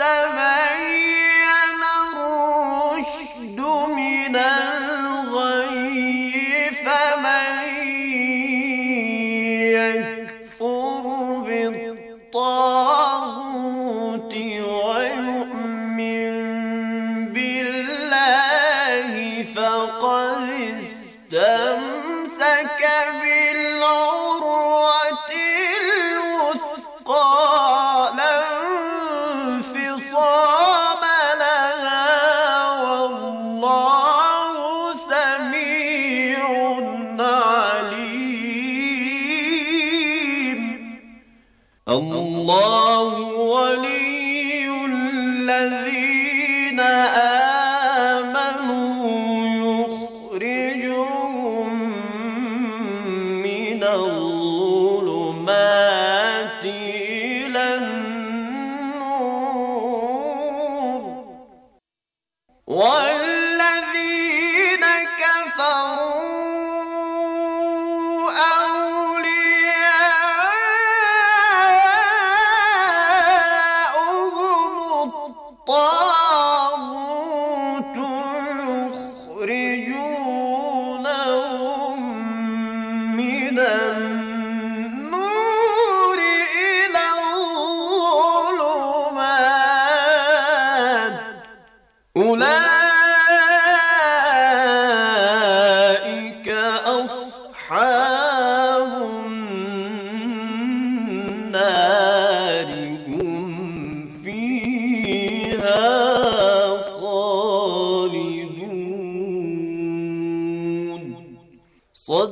السماء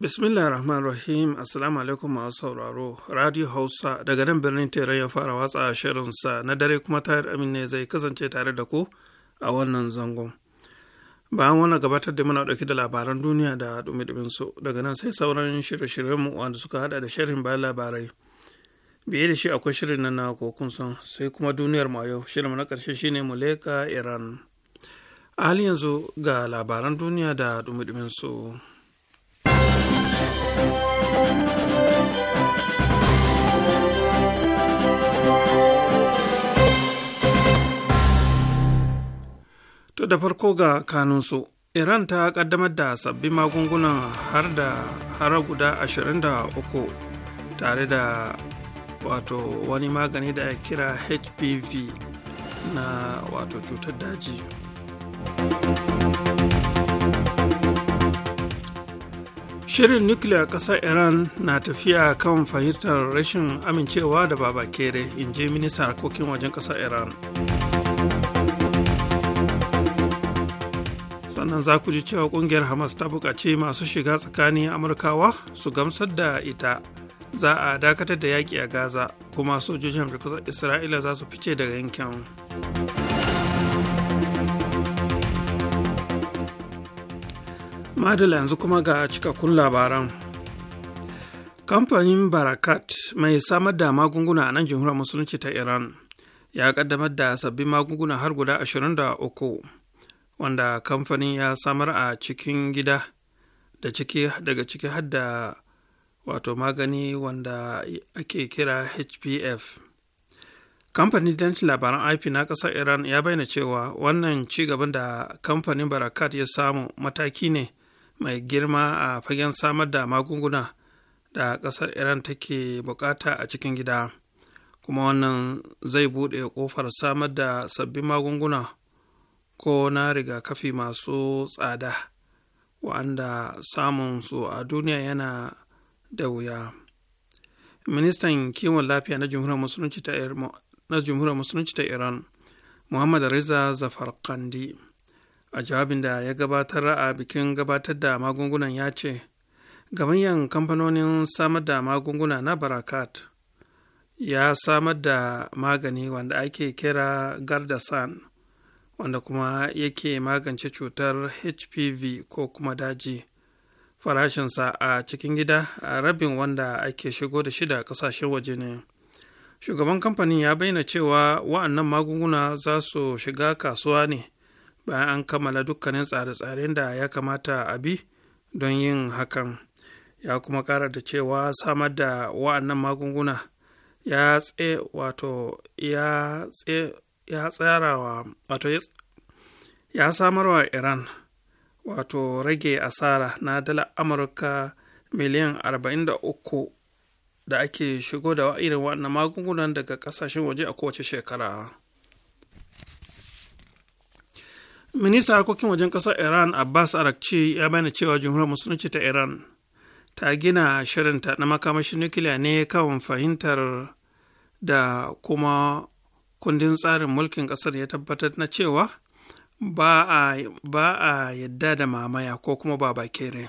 Bismillah rahman rahim Assalamu alaikum masu sauraro Radio Hausa daga nan birnin Teran ya fara watsa shirinsa na dare kuma tayar amin ne zai kasance tare da ku a wannan zangon. Bayan wani gabatar da muna ɗauki da labaran duniya da dumi su daga nan sai sauran shirye-shiryenmu wanda suka hada da shirin bayan labarai. Biye da shi akwai shirin nan na kokun san sai kuma duniyar mu yau shirin na ƙarshe shine Muleka Iran. A yanzu ga labaran duniya da dumi su. To da farko ga kanunsu, Iran ta kaddamar da sabbin magungunan har da hara guda 23 tare da wato wani magani da ya kira HPV na wato cutar daji. Shirin nukiliya ƙasar Iran na tafiya kan fahimtar rashin amincewa da babakere, in je ministan harkokin wajen ƙasar Iran. sannan za ku ji cewa kungiyar hamas ta buƙaci masu shiga tsakanin amurkawa su gamsar da ita za a dakatar da yaƙi a gaza kuma sojojin amurka isra'ila za su fice daga yankin madala yanzu kuma ga cikakkun labaran kamfanin barakat mai samar da magunguna a nan jamhuriyar musulunci ta iran ya kaddamar da sabbin magunguna har guda 23 wanda kamfanin ya samar a cikin gida da ciki daga ciki hadda wato magani wanda ake kira hpf kamfanin danci labaran ip na ƙasar iran ya bayyana cewa wannan ci gaban da kamfanin barakat ya samu mataki ne mai girma a fagen samar da magunguna da ƙasar iran take bukata a cikin gida kuma wannan zai buɗe ƙofar samar da sabbin magunguna ko na rigakafi masu tsada wa'anda samun su a duniya yana da wuya ministan kiwon lafiya na jamhuriyar musulunci ta iran muhammad riza zafar kandi a jawabin da ya gabatar a bikin gabatar da magungunan ya ce gamayyan kamfanonin samar da magunguna na barakat ya samar da magani wanda ake kira gardasan wanda kuma yake magance cutar hpv ko kuma daji farashinsa a cikin gida a rabin wanda ake shigo da shida kasashen waje ne shugaban kamfanin ya bayyana cewa wa'annan magunguna za su shiga kasuwa ne bayan an kammala dukkanin tsare-tsaren da ya kamata a bi don yin hakan ya kuma kara da cewa samar da wa'annan magunguna ya tse wato ya tse ya tsarawa wato ya samarwa iran wato rage asara na dala amurka miliyan 43 da ake shigo da irin waɗannan magungunan daga ƙasashen waje a kowace shekara ministan harkokin wajen ƙasar iran abbas arakci ya bayyana cewa jamhuriyar musulunci ta iran ta gina shirinta na makamashin nukiliya ne kan fahimtar da kuma kundin tsarin mulkin ƙasar ya tabbatar na cewa ba a yadda da mamaya ko kuma ba bakere.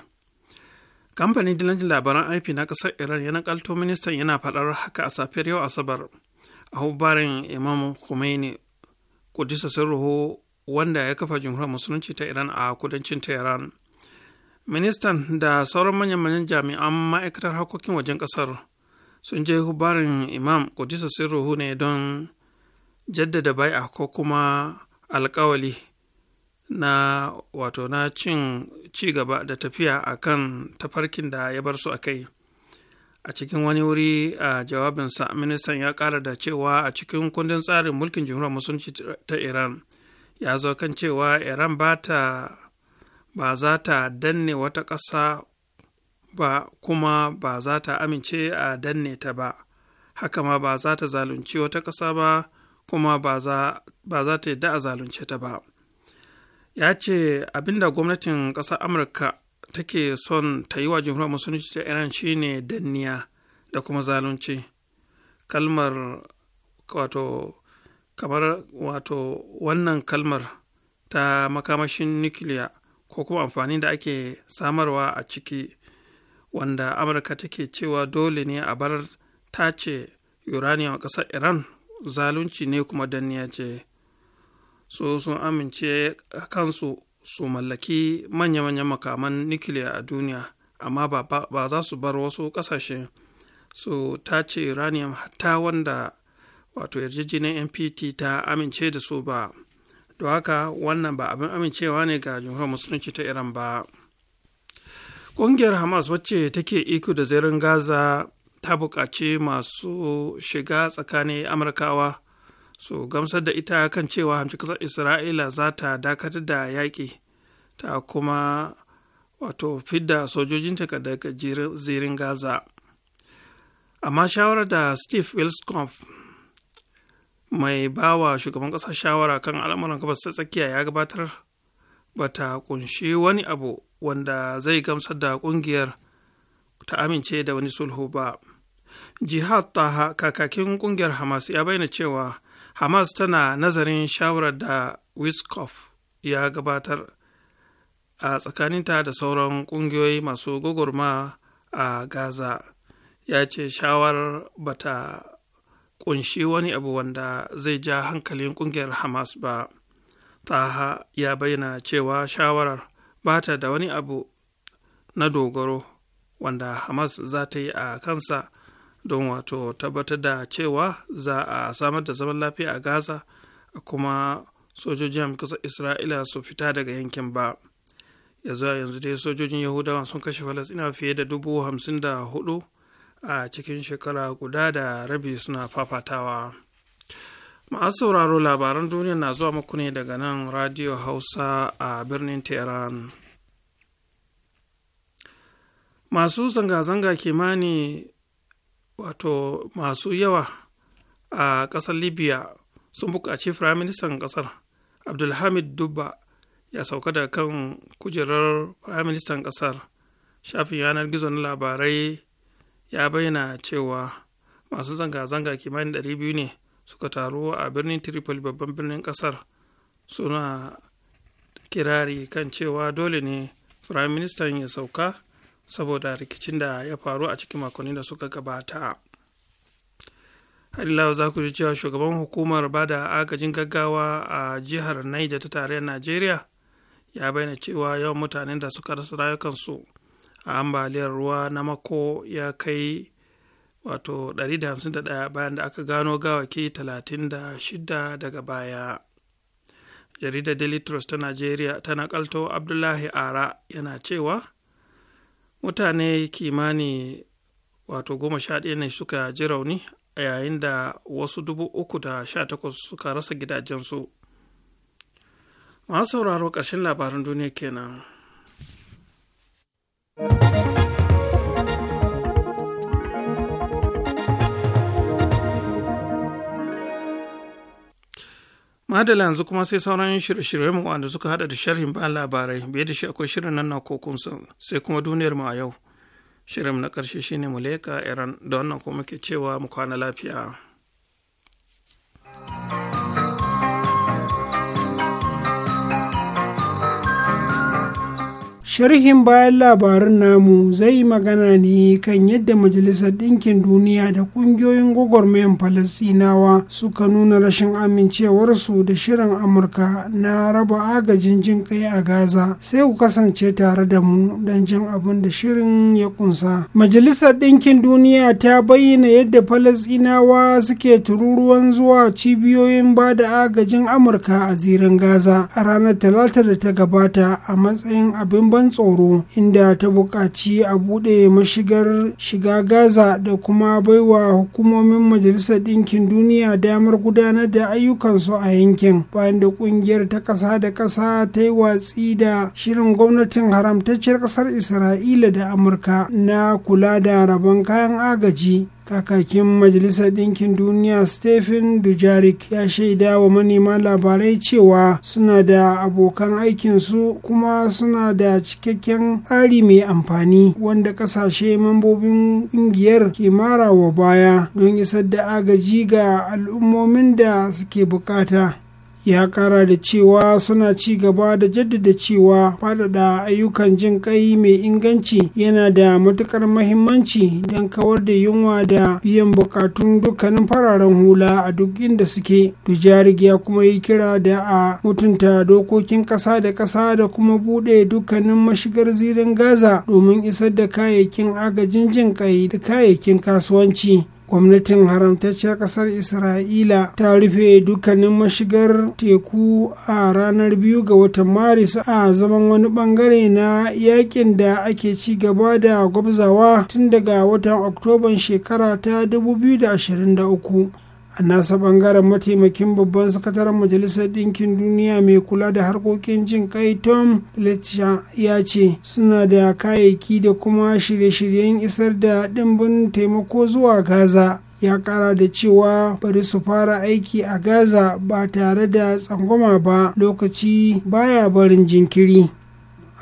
Kamfanin dilancin labaran IP na kasar Iran ya nakalto ministan yana faɗar haka a safiyar yau Asabar a hubbarin Imam Khomeini Kudisa Sirruhu wanda ya kafa jumhuriyar musulunci ta Iran a kudancin Tehran. Ministan da sauran manyan jami'an ma'aikatar harkokin wajen ƙasar sun je hubbarin Imam Kudisa Sirruhu ne don jaddada bai'a ko kuma alkawali na wato na cin ci gaba da tafiya a kan tafarkin da ya bar su a kai a cikin wani wuri a jawabinsa ministan ya ƙara da cewa a cikin kundin tsarin mulkin jimhuriyar musulunci ta iran ya zo kan cewa iran ba ba za ta danne wata ƙasa ba kuma ba za ta amince a danne ta ba haka ma ba za ta zalunci wata ƙasa ba kuma ba za ta yadda a zalunce ta ba ya ce abinda gwamnatin ƙasar amurka take son ta yi wa jamhuriyar musulunci ta iran shine danniya da kuma zalunci kalmar wato kamar wato wannan kalmar ta makamashin nukiliya ko kuma amfani da ake samarwa a ciki wanda amurka take cewa dole ne a bar tace uranium a ƙasar iran zalunci ne kuma danniya ce so sun amince a kansu su mallaki manya-manyan makaman nukiliya a duniya amma ba za su bar wasu ƙasashe su tace uranium hatta wanda wato yarjejeniyar npt ta amince da su ba da haka wannan ba abin amincewa ne ga jumhuriyar musulunci ta iran ba ƙungiyar hamas wacce take iko da zirin gaza ta buƙaci masu shiga tsakanin amurkawa su gamsar da ita kan cewa hamshi ƙasar isra'ila za ta dakatar da yaƙi ta kuma wato fidda sojojinta daga zirin gaza amma shawarar da steve wilscoff mai bawa shugaban ƙasar shawara kan al'amuran gabas ta tsakiya ya gabatar ba ta kunshi wani abu wanda zai gamsar da ƙungiyar ta amince da wani sulhu ba jihad taha kakakin kungiyar hamas ya bayyana cewa hamas tana nazarin shawarar da Wiskoff ya gabatar a tsakaninta da sauran kungiyoyi masu gugurma a gaza ya ce shawarar bata kunshi wani abu wanda zai ja hankalin kungiyar hamas ba taha ya bayyana cewa shawarar bata da wani abu na dogaro wanda hamas za ta yi a kansa don wato tabbatar da cewa za a samar da zaman lafiya a gaza kuma sojojin hamkasa isra'ila su fita daga yankin ba yanzu zuwa yanzu dai sojojin yahudawa sun kashe falasina fiye da dubu hamsin da hudu a cikin shekara guda da rabi suna fafatawa masu sauraro labaran duniya na zuwa muku ne daga nan radio hausa a birnin tehran masu zanga-zanga kimanin. wato masu yawa a ƙasar libya sun buƙaci firaministan ƙasar abdulhamid dubba ya sauka da kan kujerar firaministan ƙasar shafin yanar gizo na labarai ya bayyana cewa masu zanga-zanga kimanin biyu ne suka taru a birnin tripoli babban birnin ƙasar suna kirari kan cewa dole ne firaministan ya sauka saboda rikicin da ya faru a cikin makonni da suka gabata halilawa za ku ji cewa shugaban hukumar ba da agajin gaggawa a jihar naija ta tarayyar najeriya ya bayyana cewa yawan mutanen da suka rasa rayukansu a ambaliyar ruwa na mako ya kai wato 151 bayan da aka gano gawaki 36 daga baya jaridar daily trust ta najeriya ta nakalto abdullahi ara yana cewa mutane kimani wato goma sha ɗaya ne suka ji rauni a yayin da wasu dubu uku da sha takwas suka rasa gidajensu masu sauraro ƙarshen labaran duniya kenan. madala yanzu kuma sai sauran shirye-shirye mu wanda suka hada da sharhin ba labarai biye da shi akwai shirin nan na kokun sai kuma duniyar mu a yau shirin na karshe shine muleka iran da wannan kuma muke cewa mu kwana lafiya sharhin bayan labarin namu zai yi magana ne kan yadda majalisar ɗinkin duniya da ƙungiyoyin gwagwarmayan falasinawa suka nuna rashin amincewarsu da shirin amurka na raba agajin jin kai a gaza sai ku kasance tare da mu don jin abin da shirin ya kunsa majalisar ɗinkin duniya ta bayyana yadda falasinawa suke tururuwan zuwa cibiyoyin ba da agajin amurka a zirin gaza a ranar talata da ta gabata a matsayin abin ban tsoro inda ta buƙaci a buɗe mashigar shiga gaza da kuma baiwa hukumomin majalisar ɗinkin duniya damar gudanar da ayyukansu a yankin bayan da ƙungiyar ta ƙasa da ƙasa ta yi watsi da shirin gwamnatin haramtacciyar ƙasar isra'ila da amurka na kula da rabon kayan agaji kakakin majalisar ɗinkin duniya stephen dujarik ya shaida wa manema labarai cewa suna da abokan aikinsu kuma suna da cikakken tsari mai amfani wanda ƙasashe mambobin ƙungiyar ke mara wa baya don isar da agaji ga al'ummomin da suke bukata ya kara da cewa suna ci gaba da jaddada cewa faɗaɗa ayyukan jin ƙai mai inganci yana da matuƙar mahimmanci don kawar da yunwa da biyan buƙatun dukkanin fararen hula a duk inda suke dujarig ya kuma yi kira da a mutunta dokokin ƙasa da ƙasa da kuma buɗe dukkanin mashigar zirin gaza domin isar da kayayyakin agajin jin ƙai da kayayyakin kasuwanci gwamnatin haramtacciyar kasar isra'ila ta rufe dukkanin mashigar teku a ranar biyu ga watan maris a zaman wani bangare na yakin da ake ci gaba da gwabzawa tun daga watan oktoban shekara ta 2023 a nasa bangaren mataimakin babban sakataren majalisar ɗinkin duniya mai kula da harkokin jin kai tom fletcher ya ce suna da kayayyaki da kuma shirye-shiryen isar da ɗimbin taimako zuwa gaza ya kara da cewa bari su fara aiki a gaza ba tare da tsangwama ba lokaci baya barin jinkiri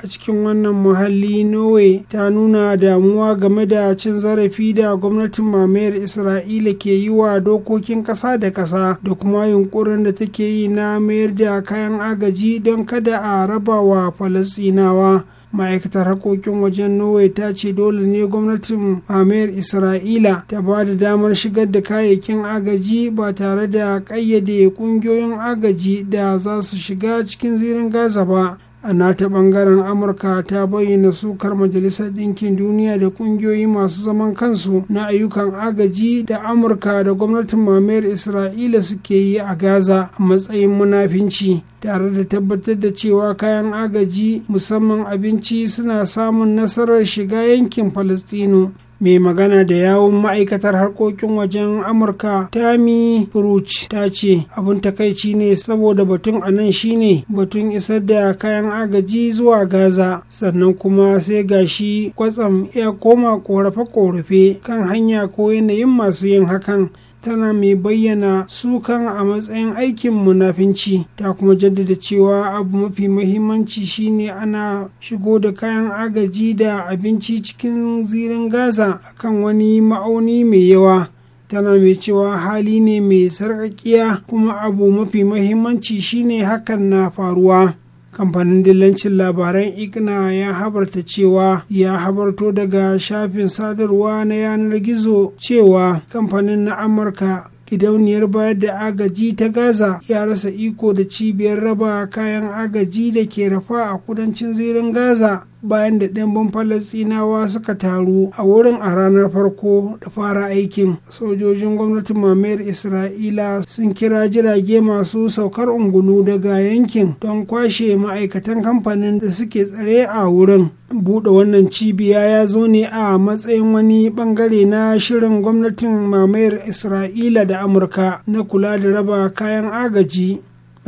a cikin wannan muhalli norway ta nuna damuwa game da cin zarafi da gwamnatin mamayar isra'ila ke yi wa dokokin kasa da kasa da kuma yunkurin da take yi na mayar da kayan agaji don kada a raba wa falasinawa ma'aikatar harkokin wajen norway ta ce dole ne gwamnatin mamayar isra'ila ta ba da damar shigar da kayayyakin agaji ba tare da kayyade ƙungiyoyin agaji da za su shiga cikin zirin gaza ba a nata bangaren amurka ta bayyana sukar majalisar ɗinkin duniya da ƙungiyoyi masu zaman kansu na ayyukan agaji da amurka da gwamnatin mamayar isra'ila suke yi a gaza a matsayin munafinci tare da tabbatar da cewa kayan agaji musamman abinci suna samun nasarar shiga yankin falastino mai magana da yawun ma'aikatar harkokin wajen amurka Tami fruch ta ce abin takaici ne saboda batun a nan shine batun isar da kayan agaji zuwa gaza sannan kuma sai gashi kwatsam ya koma korafe-korafe kan hanya ko yanayin masu yin hakan tana mai bayyana sukan a matsayin aikin munafinci ta kuma jaddada cewa abu mafi mahimmanci shine ana shigo da kayan agaji da abinci cikin zirin gaza akan wani ma'auni mai yawa tana mai cewa hali ne mai sarƙaƙiya kuma abu mafi mahimmanci shine hakan na faruwa kamfanin dillancin labaran igna ya habarta cewa ya habarto daga shafin sadarwa na yanar gizo cewa kamfanin na amurka gidauniyar bayar da agaji ta gaza ya rasa iko da cibiyar raba kayan agaji da ke rafa a kudancin zirin gaza bayan da ɗimbin falasinawa suka taru a wurin a ranar farko da fara aikin sojojin gwamnatin mamayar isra'ila sun kira jirage masu saukar ungulu daga yankin don kwashe ma'aikatan kamfanin da suke tsare a wurin buɗe wannan cibiya ya zo ne a matsayin wani ɓangare na shirin gwamnatin mamayar isra'ila da amurka na kula da raba kayan agaji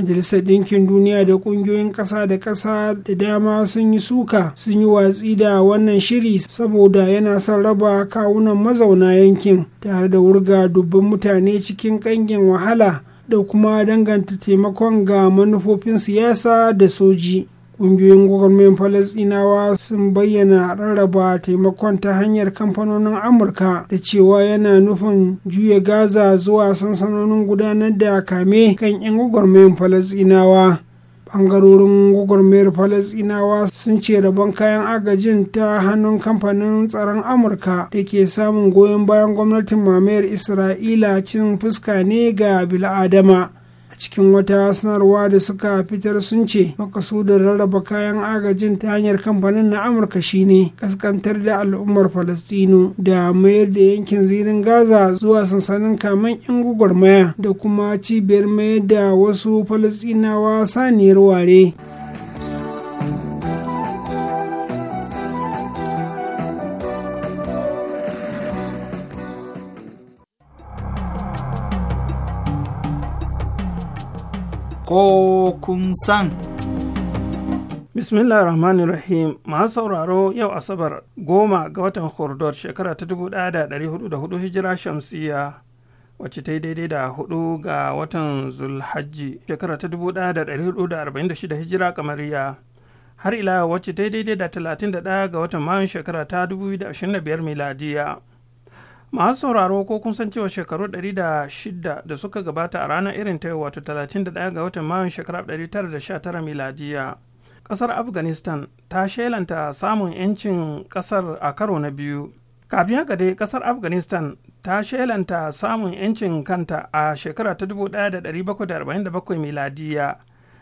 majalisar ɗinkin duniya da ƙungiyoyin ƙasa da ƙasa da dama sun yi suka sun yi watsi da wannan shiri saboda yana son raba kawunan mazauna yankin tare da wurga dubban mutane cikin ƙangin wahala da kuma danganta taimakon ga manufofin siyasa da soji ƙungiyoyin gwagwarmayin falasɗinawa sun bayyana rarraba taimakon ta hanyar kamfanonin amurka da cewa yana nufin juya gaza zuwa sansanonin gudanar da kame kan 'yan gwagwarmayin falasɗinawa ɓangarorin gwagwarmayar falasinawa sun ce rabon kayan agajin ta hannun kamfanin tsaron amurka da ke samun goyon bayan gwamnatin mamayar isra'ila cin fuska ne ga bil'adama cikin wata sanarwa da suka fitar sun ce makasudin rarraba kayan agajin ta hanyar kamfanin na amurka shine kaskantar da al'ummar falastinu da mayar da yankin zirin gaza zuwa sansanin kamen yan gwagwarmaya da kuma cibiyar mayar da wasu falastinawa saniyar ware. ko kun san. Bismillah rahmanir rahim masu sauraro yau Asabar goma ga watan Hordor shekara ta dubu ɗaya da ɗari hudu da hudu hijira shamsiya wacce ta yi daidai da hudu ga watan Zulhajji shekara ta dubu ɗaya da ɗari hudu da arba'in da shida hijira kamariya har ila wacce ta yi daidai da talatin da ɗaya ga watan Mayun shekara ta dubu da ashirin da biyar miladiya. masu sauraro ko kun san cewa shekaru 106 da suka gabata a ranar irin ta yau wato 31 ga watan mayun shekarar 1919 miladiya kasar afghanistan ta shelanta samun 'yancin kasar a karo na biyu kafin haka dai kasar afghanistan ta shelanta samun 'yancin kanta a shekara ta 1747 miladiya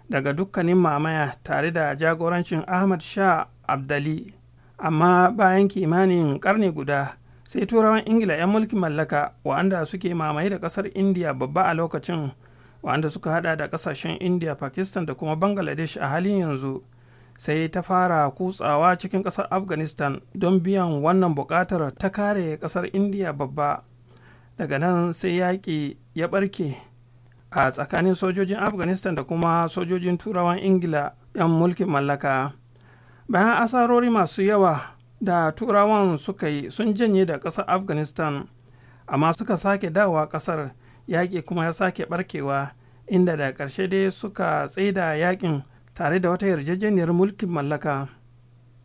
daga dukkanin mamaya tare da jagorancin ahmad shah abdali amma bayan kimanin karni guda sai turawan ingila 'yan mulkin mallaka wa'anda suke mamaye da kasar indiya babba a lokacin wa'anda suka hada da kasashen indiya pakistan da kuma bangladesh a halin yanzu sai ta fara kutsawa cikin kasar afghanistan don biyan wannan bukatar ta kare kasar indiya babba daga nan sai yaƙi ya barke a tsakanin sojojin afghanistan da kuma sojojin turawan ingila 'yan mulkin mallaka bayan asarori masu yawa da turawan suka yi sun janye da ƙasar afghanistan amma suka sake dawowa ƙasar yaƙi kuma ya sake barkewa inda da ƙarshe dai suka tsaida yaƙin tare da wata yarjejeniyar mulkin mallaka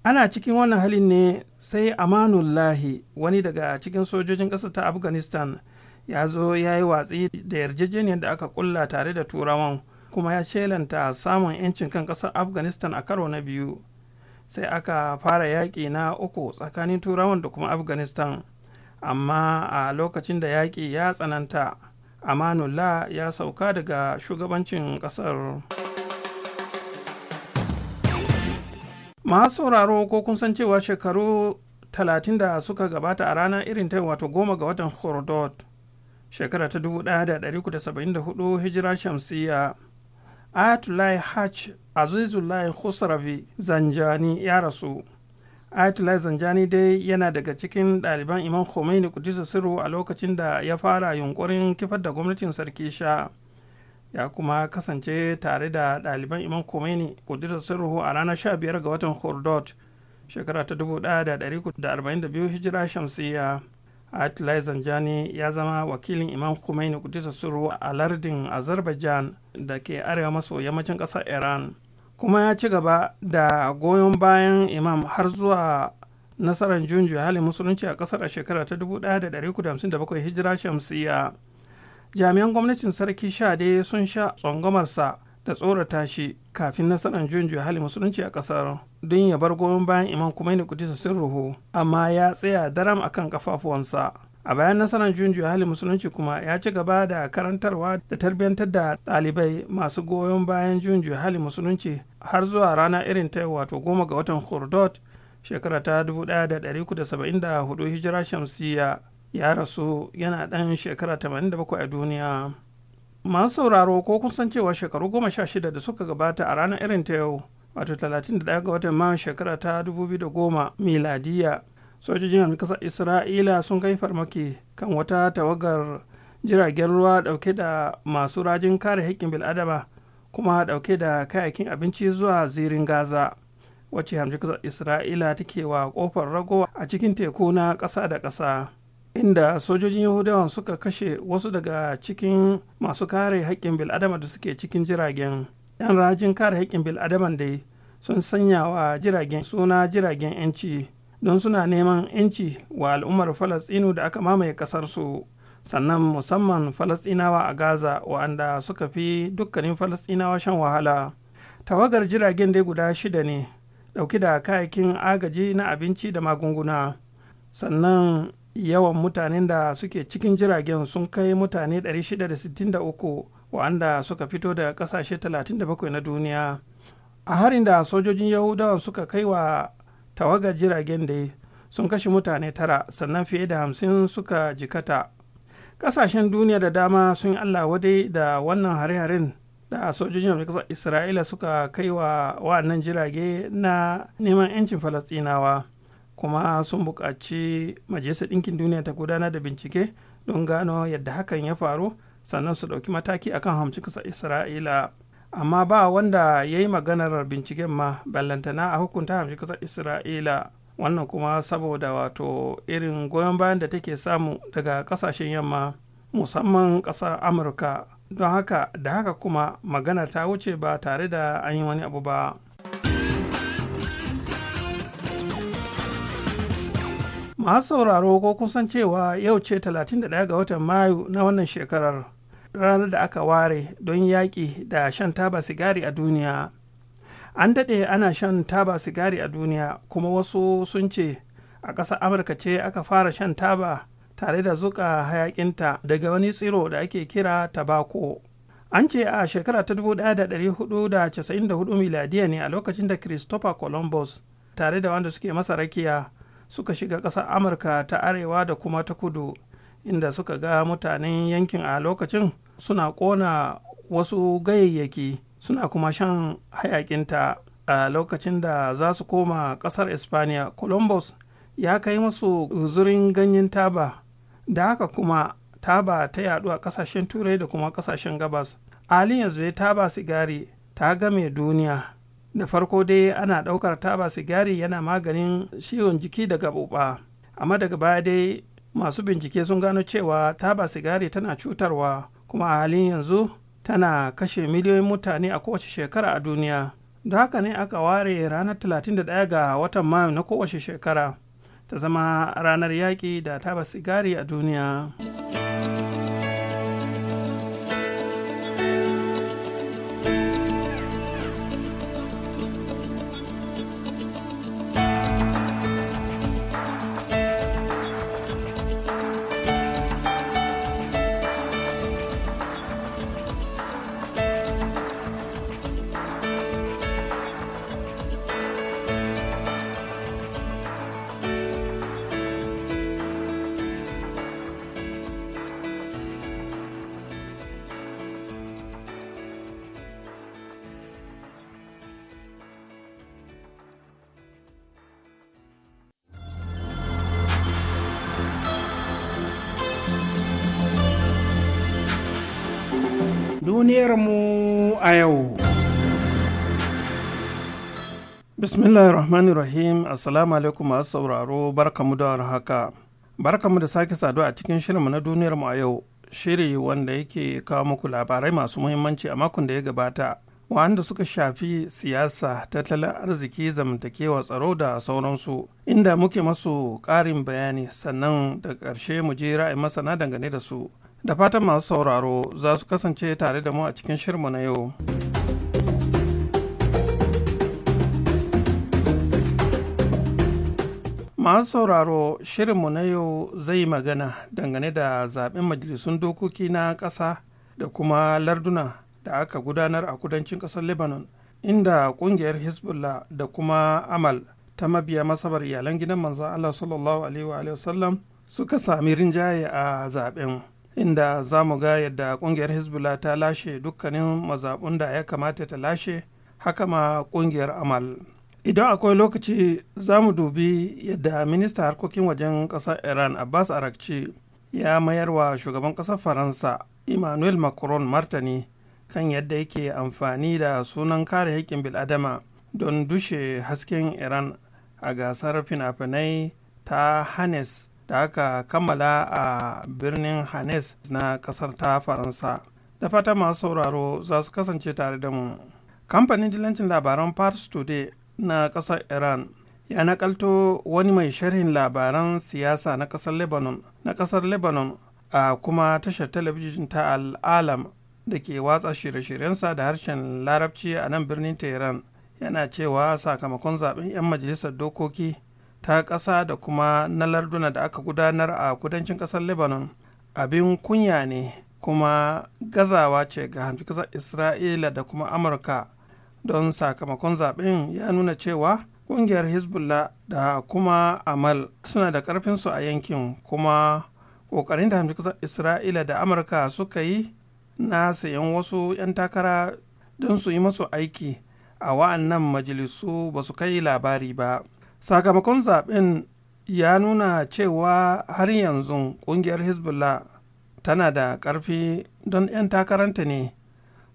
ana cikin wannan halin ne sai amanullahi wani daga cikin sojojin ƙasar ta afghanistan ya zo ya yi watsi da yarjejeniyar da aka kulla tare da turawan kuma ya shelanta samun 'yancin kan ƙasar afghanistan a karo na biyu sai aka fara yaƙi na uku tsakanin turawan da kuma afghanistan amma a lokacin da yaƙi ya tsananta amanullah ya sauka daga shugabancin ƙasar masu sauraro ko kun san cewa shekaru 30 da suka gabata a ranar irin ta wato goma ga watan hordot shekara ta 1974 hijira shamsiyya ayatollah hajj azizullah khusravi zanjani ya rasu ayatollah zanjani dai yana daga cikin ɗaliban imam khomeini kudisa sirru a lokacin da ya fara yunkurin kifar da gwamnatin sarki sha ya kuma kasance tare da ɗaliban imam khomeini kudisa sirru a ranar 15 ga watan hordot shekara ta 1942 hijira shamsiyya Atulai Zanjani ya zama wakilin Imam Khomeini Kudisa Suru a lardin Azerbaijan da ke arewa maso yammacin ƙasar Iran. Kuma ya ci gaba da goyon bayan Imam har zuwa nasarar junju hali musulunci a ƙasar a shekara ta 1957 hijira shamsiya. Jami'an gwamnatin sarki Shade sun sha tsangwamarsa da tsorata shi kafin nasarar juyin hali musulunci a kasar don ya bar goyon bayan iman kuma ne sun ruhu amma ya tsaya daram akan kafafuwansa a bayan nasarar juyin hali musulunci kuma ya ci gaba da karantarwa da tarbiyyantar da ɗalibai masu goyon bayan juyin juya hali musulunci har zuwa rana irin ta wato goma ga watan hurdot shekara ta dubu da da da saba'in hudu hijira shamsiya ya rasu yana ɗan shekara tamanin da bakwai a duniya masu sauraro ko kusan cewa shekaru goma sha shida da suka gabata a ranar irin ta yau wato 31 ga watan mayu shekara ta 2010 miladiya sojojin kasar isra'ila sun kai farmaki kan wata tawagar jiragen ruwa dauke da masu rajin kare haƙƙin bil'adama kuma dauke da kayakin abinci zuwa zirin gaza wacce hamji kasar isra'ila take wa kofar ragowa a cikin teku na ƙasa da ƙasa inda sojojin yahudawan suka kashe wasu daga cikin masu kare haƙƙin bil'adama da suke cikin jiragen yan rajin kare haƙƙin bil'adaman dai sun sanya wa jiragen suna jiragen 'yanci don suna neman 'yanci wa al'ummar falastinu da aka mamaye ƙasarsu sannan musamman falastinawa a gaza wa'anda suka fi dukkanin falastinawa shan wahala tawagar jiragen dai guda shida ne ɗauki da kayakin agaji na abinci da magunguna sannan yawan mutanen da suke cikin jiragen sun kai mutane 663 wa'anda suka fito daga kasashe 37 na duniya a harin da sojojin yahudawan suka kai wa tawaga jiragen dai sun kashe mutane tara sannan fiye da hamsin suka jikata kasashen duniya da dama sun yi allah wadai da wannan hare-haren da sojojin amurka isra'ila suka kai wa wa'annan jirage na neman 'yancin falasɗinawa kuma sun buƙaci majalisar ɗinkin duniya ta gudanar da bincike don gano yadda hakan ya faru sannan su ɗauki mataki akan hamcin ƙasar isra'ila amma ba wanda ya yi maganar binciken ma ballantana a hukunta hamshi ƙasar isra'ila wannan kuma saboda wato irin goyon bayan da take samu daga ƙasashen yamma musamman ƙasar amurka don haka da haka kuma maganar ta wuce ba tare da an yi wani abu ba masu sauraro ko kusan cewa yau ce 31 ga watan mayu na wannan shekarar ranar da aka ware don yaƙi da shan taba sigari a duniya an daɗe ana shan taba sigari a duniya kuma wasu sun ce a ƙasar amurka ce aka fara shan taba tare da zuƙa hayaƙinta daga wani tsiro da ake kira tabako an ce a shekara ta 1494 miladiya ne a lokacin da christopher columbus tare da wanda suke masa rakiya suka shiga ƙasar amurka ta arewa da kuma ta kudu inda suka ga mutanen yankin a lokacin suna ƙona wasu gayayyaki suna kuma shan hayakinta a lokacin da za su koma ƙasar Espanya, Columbus ya kai masu guzurin ganyen taba, da haka kuma taba ta yadu a ƙasashen Turai da kuma ƙasashen Gabas. Ali yanzu ya taba sigari ta game duniya da farko dai ana ɗaukar taba sigari yana maganin ciwon jiki da buɓa amma daga baya dai masu bincike sun gano cewa taba sigari tana cutarwa kuma a halin yanzu tana kashe miliyoyin mutane a kowace shekara a duniya don haka ne aka ware ranar 31 ga watan mayu na kowace shekara ta zama ranar yaƙi da taba sigari a duniya. Bismillahirrahmanirrahim Assalamu alaikum masu sauraro barkamu da haka. Barkamu da sake saduwa a cikin shirinmu na duniyar mu a yau, shiri wanda yake kawo muku labarai masu muhimmanci a makon da ya gabata, wanda suka shafi siyasa, tattalin arziki, zamantakewa, tsaro da sauransu, inda muke masu ƙarin bayani sannan da ƙarshe mu je ra'ayin masana dangane da su. Da fatan masu sauraro za su kasance tare da mu a cikin shirinmu na yau. masu sauraro shirinmu na yau zai magana dangane da zaɓen majalisun dokoki na ƙasa da kuma larduna da aka gudanar a kudancin ƙasar lebanon inda ƙungiyar hezbollah da kuma amal ta mabiya masabar iyalan gidan manzan allah sallallahu alaihi wa suka sami rinjaye a zaɓen inda za mu ga yadda ƙungiyar hezbollah ta lashe dukkanin mazaɓun da ya kamata ta lashe haka ma ƙungiyar amal idan akwai lokaci za mu dubi yadda minista harkokin wajen ƙasar iran abbas arakci ya mayar wa shugaban ƙasar faransa emmanuel macron martani kan yadda yake amfani da sunan kare haƙƙin bil'adama don dushe hasken iran a gasar fina-finai ta hannes da aka kammala a birnin hannes na ƙasar ta faransa da fata masu sauraro za su kasance tare da mu kamfanin dilancin labaran pars today na ƙasar iran ya nakalto wani mai sharhin labaran siyasa na ƙasar lebanon na ƙasar lebanon a kuma tashar talabijin ta al'alam da ke watsa shirye-shiryensa da harshen larabci a nan birnin tehran yana cewa sakamakon zaben 'yan majalisar dokoki ta ƙasa da kuma na larduna da aka gudanar a kudancin ƙasar lebanon abin kunya ne kuma gazawa ce ga hanci ƙasar isra'ila da kuma amurka don sakamakon zaben ya nuna cewa ƙungiyar hezbollah da kuma amal suna da ƙarfinsu a yankin kuma ƙoƙarin da hamshin isra'ila da amurka suka yi na sayan wasu 'yan takara don su yi masu aiki a wa'annan majalisu ba su kai labari ba sakamakon zaben ya nuna cewa har yanzu ƙungiyar hezbollah tana da ƙarfi don 'yan takaranta ne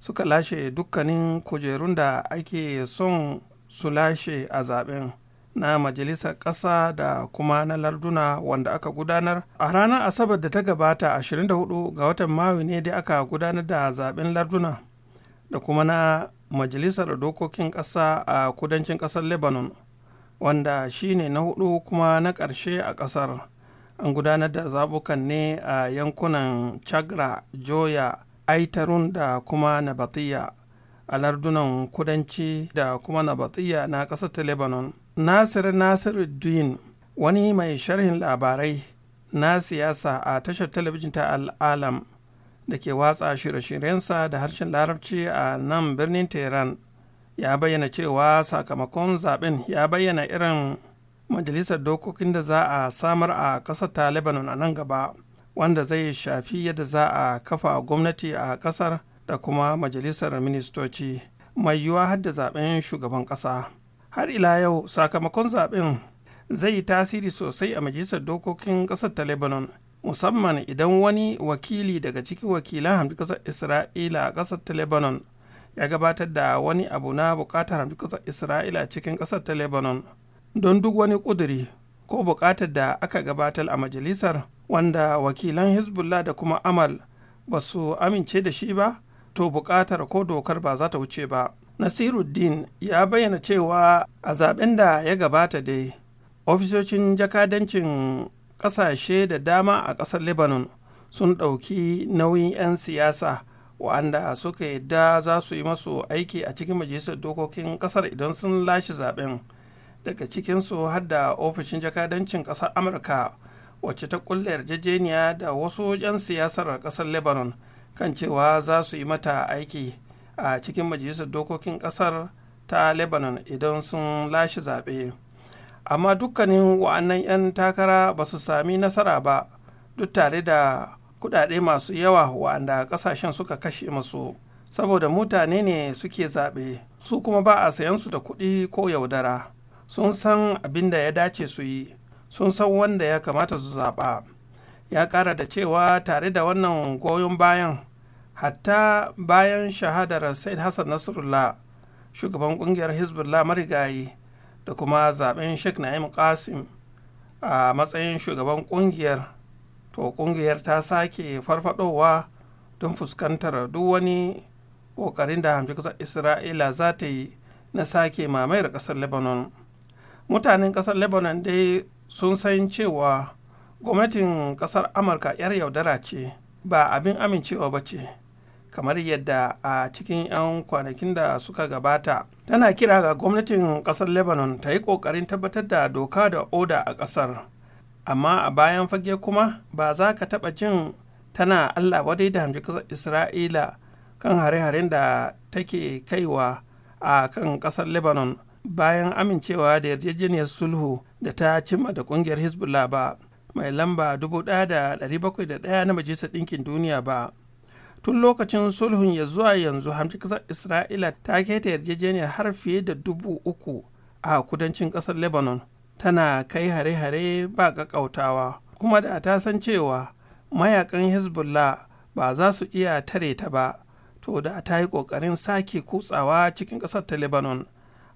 suka lashe dukkanin kujerun da ake son su lashe a zaben na majalisar ƙasa da kuma na larduna wanda aka gudanar a ranar asabar da ta gabata 24 ga watan mayu ne da aka gudanar da zaben larduna da kuma na majalisar dokokin ƙasa a kudancin ƙasar lebanon wanda shine na hudu kuma na ƙarshe a ƙasar an gudanar da zabukan ne a yankunan chagra joya aitarun da kuma na a lardunan kudanci da kuma na batsiyya na ƙasar ta lebanon nasir nasiruddin wani mai sharhin labarai na siyasa a tashar talabijin ta al'alam da ke watsa shirye-shiryensa da harshen larabci a nan birnin tehran ya bayyana cewa sakamakon zaben ya bayyana irin majalisar dokokin da za a samar a ƙasar ta lebanon a nan gaba wanda zai shafi yadda za a kafa gwamnati a ƙasar da kuma majalisar ministoci mai yiwuwa har da zaben shugaban ƙasa har ila yau sakamakon zaben zai yi tasiri sosai a majalisar dokokin ƙasar ta lebanon musamman idan wani wakili daga cikin wakilan hamdi ƙasar isra'ila a ƙasar ta lebanon ya gabatar da wani abu na buƙatar hamdi ƙasar isra'ila cikin ƙasar ta lebanon don duk wani ƙuduri ko buƙatar da aka gabatar a majalisar wanda wakilan hezbollah da kuma amal ba su amince da shi ba to buƙatar ko dokar ba za ta wuce ba nasiruddin ya bayyana cewa a zaɓen da ya gabata dai ofisoshin jakadancin ƙasashe da dama a ƙasar lebanon sun ɗauki nauyin 'yan siyasa wa'anda suka yadda za su yi masu aiki a cikin majalisar dokokin ƙasar idan sun lashe zaɓen. daga cikinsu har da ofishin jakadancin ƙasar amurka wacce ta kulle yarjejeniya da wasu 'yan siyasar ƙasar lebanon kan cewa za su yi mata aiki a cikin majalisar dokokin ƙasar ta lebanon idan sun lashe zaɓe amma dukkanin wa'annan 'yan takara ba su sami nasara ba duk tare da kuɗaɗe masu yawa wa'anda ƙasashen suka kashe masu saboda mutane ne suke zaɓe su kuma ba a sayansu da kuɗi ko yaudara sun san abin da ya dace su yi sun san wanda ya kamata su zaɓa ya ƙara da cewa tare da wannan goyon bayan hatta bayan shahadar said hassan nasrullah shugaban ƙungiyar hezbollah marigayi da kuma zaɓen sheikh na'im qasim a matsayin shugaban ƙungiyar to ƙungiyar ta sake farfadowa don fuskantar duk wani ƙoƙarin da hamshi isra'ila za ta yi na sake mamayar ƙasar lebanon mutanen ƙasar lebanon dai sun san cewa gwamnatin ƙasar amurka 'yar yaudara ce ba abin amincewa ba ce kamar yadda a cikin 'yan kwanakin da suka gabata tana kira ga gwamnatin ƙasar lebanon ta yi ƙoƙarin tabbatar da doka da oda a ƙasar amma a bayan fage kuma ba za ka taɓa jin tana allah wadai da hamji kasar isra'ila kan hare-haren da take kaiwa a kan ƙasar lebanon bayan amincewa da yarjejeniyar sulhu da ta cimma da ƙungiyar hezbollah ba mai lamba 1701 na majalisar ɗinkin duniya ba tun lokacin sulhun ya zuwa yanzu hamci ƙasar isra'ila ta keta yarjejeniyar har fiye da dubu uku a kudancin ƙasar lebanon tana kai hare-hare ba ƙaƙautawa kuma da ta san cewa mayakan hezbollah ba za su iya tare ta ba to da ta yi ƙoƙarin sake kutsawa cikin ƙasar ta lebanon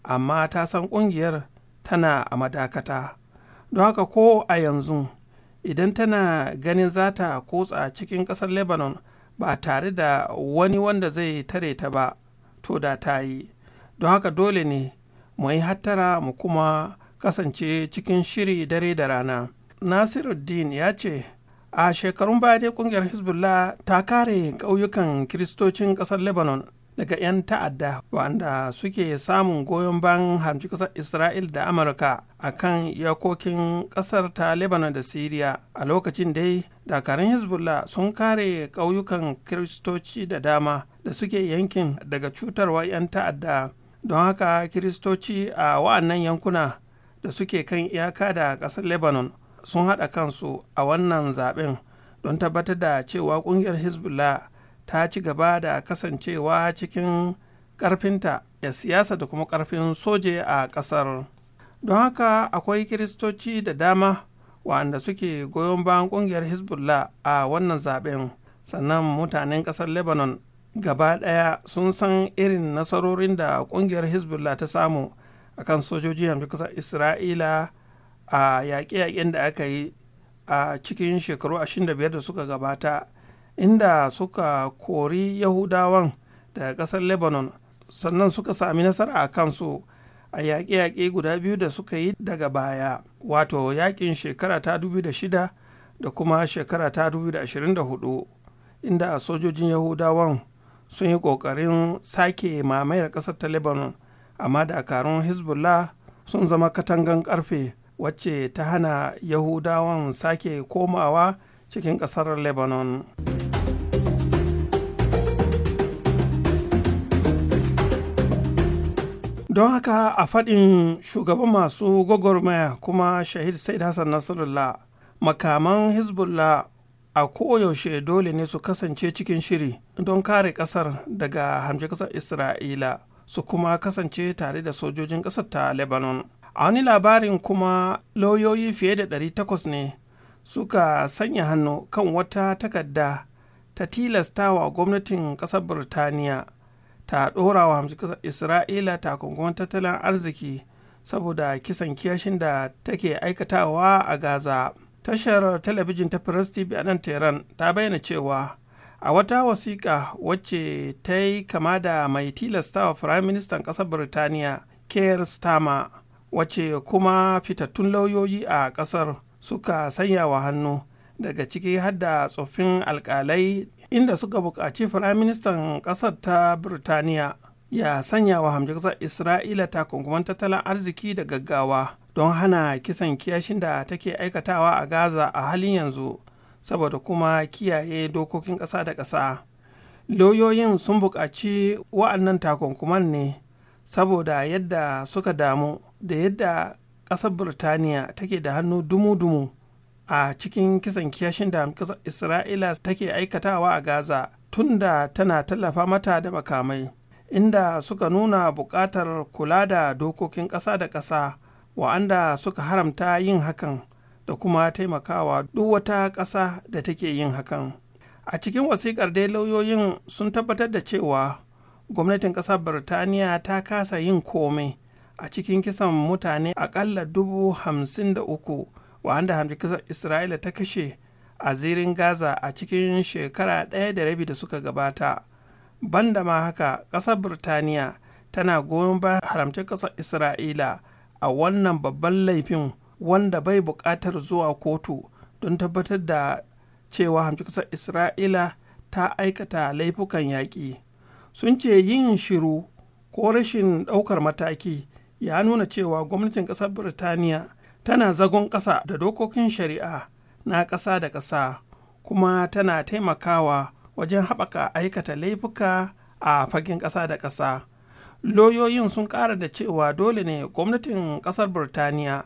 amma ta san ƙungiyar tana a madakata don haka ko a yanzu idan tana ganin za ta kotsa cikin ƙasar lebanon ba tare da wani wanda zai tare ta ba to da ta yi don haka dole ne mu yi hattara mu kuma kasance cikin shiri dare da rana nasiruddin ya ce a shekarun baya dai kungiyar hezbollah ta kare ƙauyukan kiristocin ƙasar lebanon daga 'yan ta'adda wanda suke samun goyon bayan hamci ƙasar isra'il da amurka a kan yakokin ƙasar ta lebanon da siriya a lokacin dai dakarun hezbollah sun kare ƙauyukan kiristoci da dama da suke yankin daga cutarwa 'yan ta'adda don haka kiristoci a wa'annan yankuna da suke kan iyaka da ƙasar lebanon sun haɗa kansu a wannan zaɓen don tabbatar da cewa ƙungiyar hezbollah ta ci gaba da kasancewa cikin ƙarfinta ya siyasa da kuma ƙarfin soje a ƙasar don haka akwai kiristoci da dama waɗanda suke goyon bayan ƙungiyar hezbollah a wannan zaɓen sannan mutanen ƙasar lebanon gaba ɗaya sun san irin nasarorin da ƙungiyar hezbollah ta samu a akan sojoji yanzu kusa isra'ila a yaƙe-yaƙen da aka yi a cikin shekaru 25 da suka gabata inda suka kori yahudawan daga ƙasar lebanon sannan suka sami nasara a kansu a yaƙe-yaƙe guda biyu da suka yi daga baya wato yaƙin shekara ta 2006 da kuma shekara ta 2024 inda sojojin yahudawan sun yi ƙoƙarin sake mamayar ƙasar ta lebanon amma dakarun hezbollah sun zama katangan ƙarfe wacce ta hana yahudawan sake komawa cikin ƙasar lebanon don haka a faɗin shugaban masu gwagwarmaya kuma shahid said hassan nasarullah makaman hezbollah a koyaushe dole ne su kasance cikin shiri don kare ƙasar daga hamshe ƙasar isra'ila su kuma kasance tare da sojojin ƙasar ta lebanon a wani labarin kuma lauyoyi fiye da 800 ne suka sanya hannu kan wata takarda ta tilastawa gwamnatin ƙasar birtaniya ta ɗora wa hamsin isra'ila takunkuman tattalin arziki saboda kisan kiyashin da take aikatawa a gaza tashar talabijin ta press tv a nan tehran ta bayyana cewa a wata wasiƙa wacce ta yi kama da mai tilastawa firayim ministan ƙasar birtaniya keir starmer wacce kuma fitattun lauyoyi a ƙasar suka sanya wa hannu daga ciki hadda tsoffin alƙalai inda suka buƙaci firaministan ƙasar ta birtaniya ya sanya wa hamji ƙasar isra'ila takunkuman tattalin arziki da gaggawa don hana kisan kiyashin da take aikatawa a gaza a halin yanzu saboda kuma kiyaye dokokin ƙasa da ƙasa lauyoyin sun buƙaci wa'annan takunkuman ne saboda yadda suka damu da yadda ƙasar birtaniya take da hannu dumu-dumu a cikin kisan kiyashin da isra'ila take aikatawa a gaza tunda tana tallafa mata da makamai inda suka nuna buƙatar kula da dokokin ƙasa da ƙasa wa'anda suka haramta yin hakan da kuma taimakawa duk wata ƙasa da take yin hakan a cikin wasiƙar dai lauyoyin sun tabbatar da cewa gwamnatin ƙasar birtaniya ta kasa yin komai a cikin kisan mutane aƙalla dubu hamsin da uku wanda hamjikisar isra'ila ta kashe a zirin gaza a cikin shekara ɗaya da rabi da suka gabata banda ma haka ƙasar birtaniya tana goyon bayan haramcin ƙasar isra'ila a wannan babban laifin wanda bai buƙatar zuwa kotu don tabbatar da cewa hamci ƙasar isra'ila ta aikata laifukan yaƙi sun ce yin shiru ko rashin ɗaukar mataki ya nuna cewa gwamnatin ƙasar birtaniya tana zagon ƙasa da dokokin shari'a na ƙasa da ƙasa kuma tana taimakawa wajen haɓaka aikata laifuka a fagen ƙasa da ƙasa loyoyin sun ƙara da cewa dole ne gwamnatin ƙasar burtaniya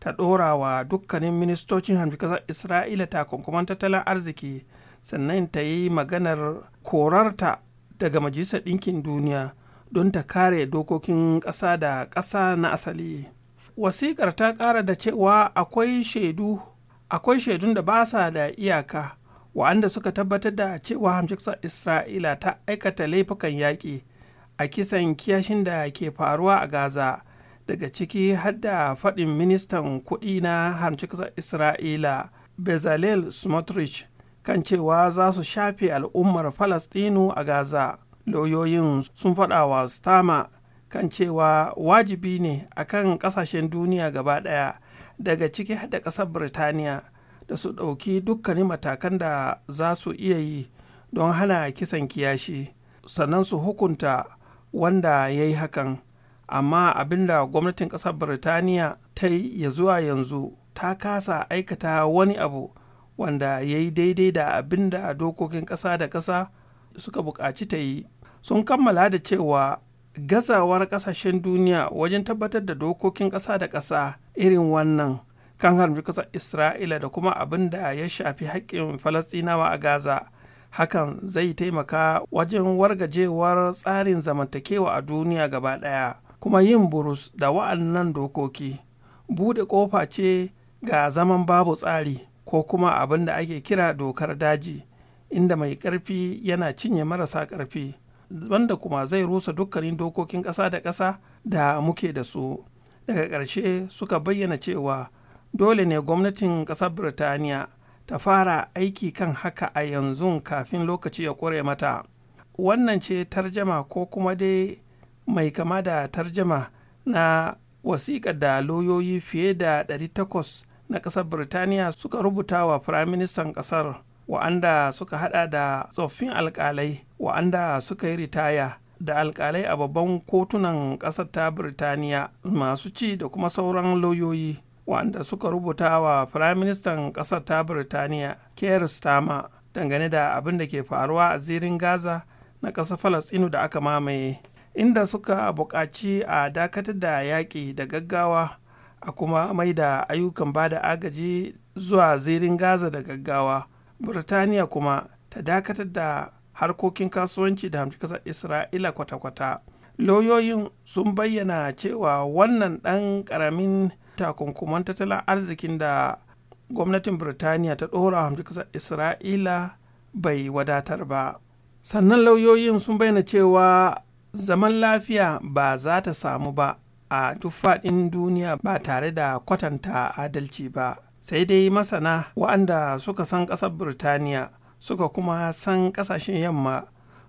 ta ɗora wa dukkanin ministocin hamfikasar isra'ila takunkuman tattalin arziki sannan ta yi maganar korarta daga majalisar ɗinkin duniya don ta kare dokokin ƙasa da ƙasa na asali wasikar ta kara da cewa akwai shaidu akwai shaidun da ba sa da iyaka wa'anda suka tabbatar da cewa hamshiksa isra'ila ta aikata laifukan yaƙi a kisan kiyashin da ke faruwa a gaza daga ciki hadda faɗin ministan kuɗi na hamshiksa isra'ila bezalel smotrich kan cewa za su shafe al'ummar falastinu a gaza lauyoyin sun faɗa wa stama kan cewa wajibi ne a kan ƙasashen duniya gaba ɗaya daga ciki da ƙasar birtaniya da su ɗauki dukkanin matakan da za su iya yi don hana kisan kiyashi sannan su hukunta wanda ya yi hakan amma abinda gwamnatin ƙasar birtaniya ta yi ya zuwa yanzu ta kasa aikata wani abu wanda ya yi daidai da abinda dokokin ƙasa da ƙasa suka buƙaci ta yi sun kammala da cewa gazawar kasashen duniya wajen tabbatar da dokokin ƙasa da ƙasa irin wannan kan harbi ƙasar isra'ila da kuma abin da ya shafi haƙƙin falastinawa a gaza hakan zai taimaka wajen wargajewar tsarin zamantakewa a duniya gaba ɗaya kuma yin burus da wa'annan dokoki buɗe ƙofa ce ga zaman babu tsari ko kuma abin da ake kira dokar daji inda mai ƙarfi yana cinye marasa ƙarfi wanda kuma zai rusa dukkanin dokokin ƙasa da ƙasa da muke da su daga ƙarshe suka bayyana cewa dole ne gwamnatin ƙasar birtaniya ta fara aiki kan haka a yanzu kafin lokaci ya ƙure mata wannan ce tarjama ko kuma dai mai kama da tarjama na wasiƙa da lauyoyi fiye da 800 na ƙasar birtaniya suka rubuta wa firaministan ƙasar wa'anda suka hada da tsoffin alkalai wa'anda suka yi ritaya da alkalai a babban kotunan ƙasar ta birtaniya masu ci da kuma sauran lauyoyi wa'anda suka rubuta wa firaministan ƙasar ta birtaniya keir starmer dangane da abin da ke faruwa a zirin gaza na ƙasar falastinu da aka mamaye inda suka buƙaci a dakatar da yaƙi da gaggawa a kuma mai da ayyukan bada agaji zuwa zirin gaza da gaggawa burtaniya kuma ta dakatar da harkokin kasuwanci da hamci ƙasar isra'ila kwata-kwata lauyoyin sun bayyana cewa wannan ɗan ƙaramin takunkuman tattalin arzikin da gwamnatin burtaniya ta ɗora hamci kasar isra'ila bai wadatar ba sannan lauyoyin sun bayyana cewa zaman lafiya ba za ta samu ba a duk faɗin duniya ba tare da kwatanta adalci ba sai dai masana wa'anda suka san ƙasar birtaniya suka kuma san ƙasashen yamma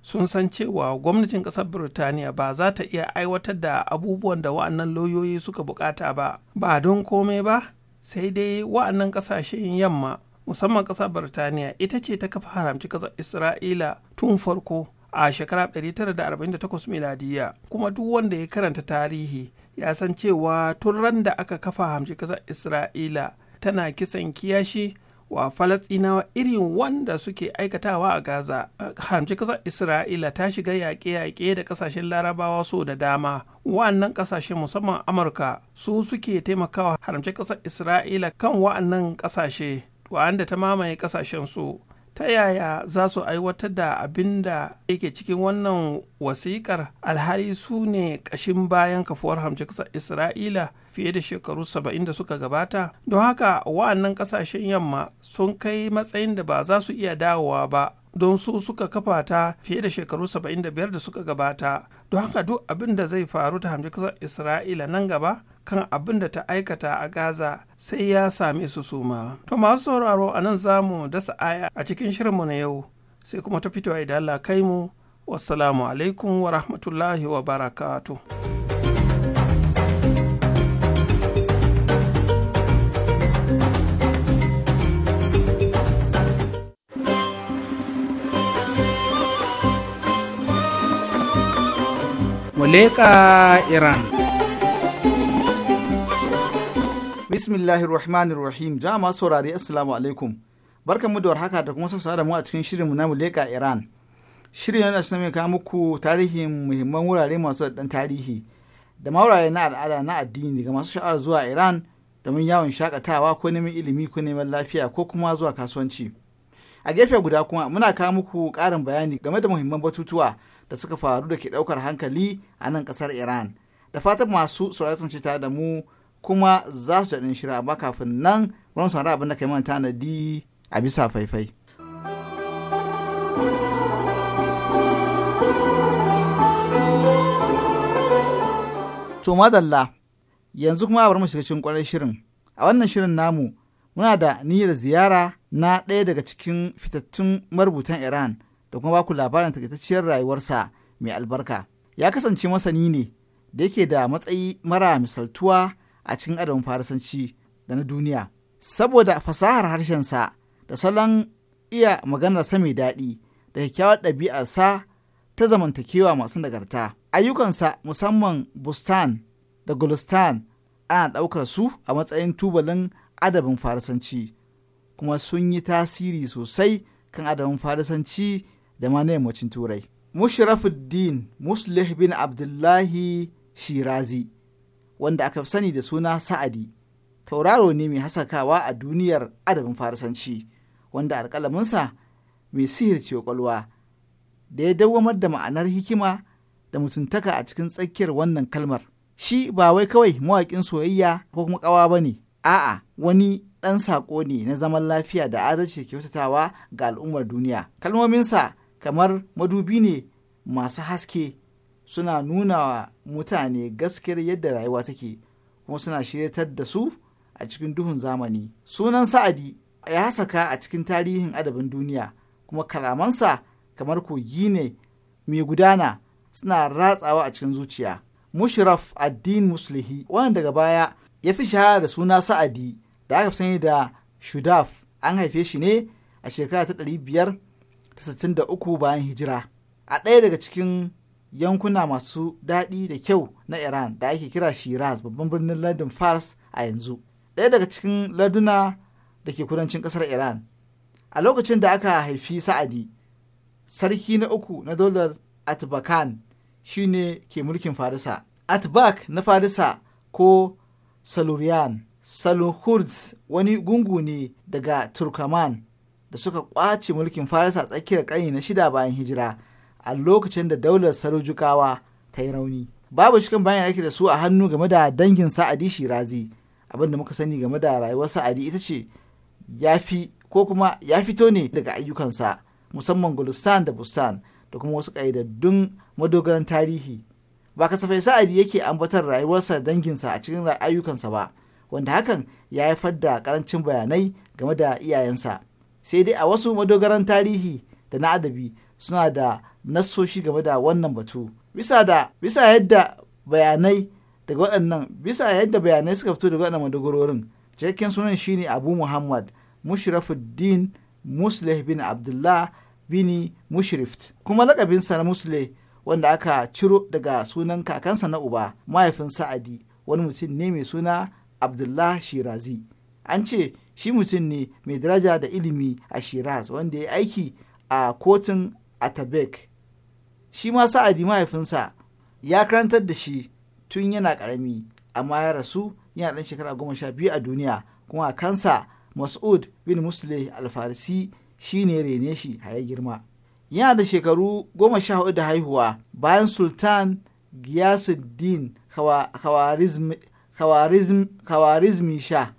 sun san cewa gwamnatin ƙasar birtaniya ba za ta iya aiwatar da abubuwan da wa'annan lauyoyi suka buƙata ba ba don komai ba sai dai wa'annan ƙasashen yamma musamman ƙasar birtaniya ita ce ta kafa haramci ƙasar isra'ila tun farko a shekara 1948 miladiya kuma duk wanda ya karanta tarihi ya san cewa tun ran da aka kafa hamshi ƙasar isra'ila tana kisan kiyashi wa falasɗinawa irin wanda suke aikatawa a gaza hamci ƙasar isra'ila ta shiga yaƙe-yaƙe da ƙasashen larabawa so da dama wa'annan ƙasashe musamman amurka su suke taimakawa haramci ƙasar isra'ila kan wa'annan ƙasashe wa'anda ta mamaye ƙasashen su ta yaya za su aiwatar da abin da yake cikin wannan wasiƙar alhali su ne ƙashin bayan kafuwar hamjiksa isra'ila fiye da shekaru saba'in da suka gabata don haka wa'annan ƙasashen yamma sun kai matsayin da ba za su iya dawowa ba don su suka kafa ta fiye da shekaru 75 da suka gabata don haka duk abin da zai faru ta hamji kasar isra'ila nan gaba kan abin da ta aikata a gaza sai ya same su suma to masu sauraro a nan za mu dasa aya a cikin shirinmu na yau sai kuma ta fitowa idan Allah kai mu wassalamu alaikum wa rahmatullahi wa barakatu. muleka iran bismillahir rahmanir rahim jama'a saurari assalamu alaikum barkanmu da warhaka da kuma sassa da mu a cikin shirinmu na muleka iran shirin yana shi mai kawo muku tarihin muhimman wurare masu dan tarihi da maurare na al'ada na addini ga masu sha'awar zuwa iran domin yawon shakatawa ko neman ilimi ko neman lafiya ko kuma zuwa kasuwanci a gefe guda kuma muna kawo muku ƙarin bayani game da muhimman batutuwa da suka faru da ke ɗaukar hankali a nan ƙasar Iran. Da fatan masu sauraron ci da mu kuma za su daɗin shirya amma kafin nan wani saurari abin da kai mana tanadi a bisa faifai. To madalla yanzu kuma a bar mu shiga cikin kwarar shirin. A wannan shirin namu muna da niyyar ziyara na ɗaya daga cikin fitattun marubutan Iran da kuma baku labarin takaitacciyar rayuwarsa mai albarka. Ya kasance masani ne da yake da matsayi mara misaltuwa a cikin adabin farisanci da na duniya. Saboda fasahar harshensa da salon iya maganar sa mai daɗi da kyakkyawar ɗabi'arsa ta zamantakewa masu nagarta. Ayyukansa musamman Bustan da Gulistan ana ɗaukar su a matsayin tubalin adabin farisanci kuma sun yi tasiri sosai kan adabin farisanci da ma na yammacin turai mushrafuddin muslih bin abdullahi shirazi wanda aka fi sani da suna sa'adi tauraro ne mai hasakawa a duniyar adabin farisanci wanda alƙalaminsa mai ce ƙwaƙwalwa da ya dawwamar da ma'anar hikima da mutuntaka a cikin tsakiyar wannan kalmar shi ba wai kawai mawaƙin soyayya ko kuma ƙawa ba ne a'a wani ɗan saƙo ne na zaman lafiya da adalci kyautatawa ga al'ummar duniya kalmominsa kamar madubi ne masu haske suna nuna wa mutane gaskiyar yadda rayuwa take kuma suna shiryatar da su a cikin duhun zamani sunan sa'adi ya saka a cikin tarihin adabin duniya kuma kalamansa kamar kogi ne mai gudana suna ratsawa a cikin zuciya mushraf addin muslihi wanda daga baya ya fi shahara da suna sa'adi da aka sani da shudaf an haife shi ne a shekara ta ɗari biyar ta uku bayan hijira a ɗaya daga cikin yankuna masu daɗi da kyau na iran da ake kira shiraz babban birnin lardin fars a yanzu ɗaya daga cikin laduna da ke kudancin ƙasar iran a lokacin da aka haifi sa'adi sarki na uku na dolar atbakan shine ke mulkin farisa atbak na farisa ko salurian saluhurz wani gungu ne daga turkaman da suka kwace mulkin Faris a tsakiyar ƙarni na shida bayan hijira a lokacin da daular Sarujukawa ta yi rauni. Babu kan bayan yake da su a hannu game da dangin Sa'adi Shirazi. Abin da muka sani game da rayuwar Sa'adi ita ce ya fi ko kuma ya fito ne daga ayyukansa musamman Gulistan da Bustan da kuma wasu ƙaidaddun madogaran tarihi. Ba kasafai Sa'adi yake ambatar rayuwarsa danginsa a cikin ayyukansa ba, wanda hakan ya haifar da karancin bayanai game da iyayensa. sai dai a wasu madogaran tarihi da na adabi suna da nassoshi game da wannan batu bisa da bisa yadda bayanai daga waɗannan bisa yadda bayanai suka fito daga waɗannan madogarorin cikakken sunan shine abu muhammad mushrafuddin musleh bin abdullah bini mushrift kuma lakabinsa na musleh wanda aka ciro daga sunan kakansa na uba mahaifin sa'adi wani mutum ne mai suna abdullah shirazi an ce shi mutum ne mai daraja da ilimi a shiraz wanda ya aiki a kotun atabek shi ma sa'adi mahaifinsa ya karantar da shi tun yana karami amma ya rasu yana dan shekara goma sha biyu a duniya kuma a kansa mas'ud bin musleh alfarisi shi ne rene shi haya girma yana da shekaru goma sha hudu da haihuwa bayan sultan giyasuddin kawarizmi sha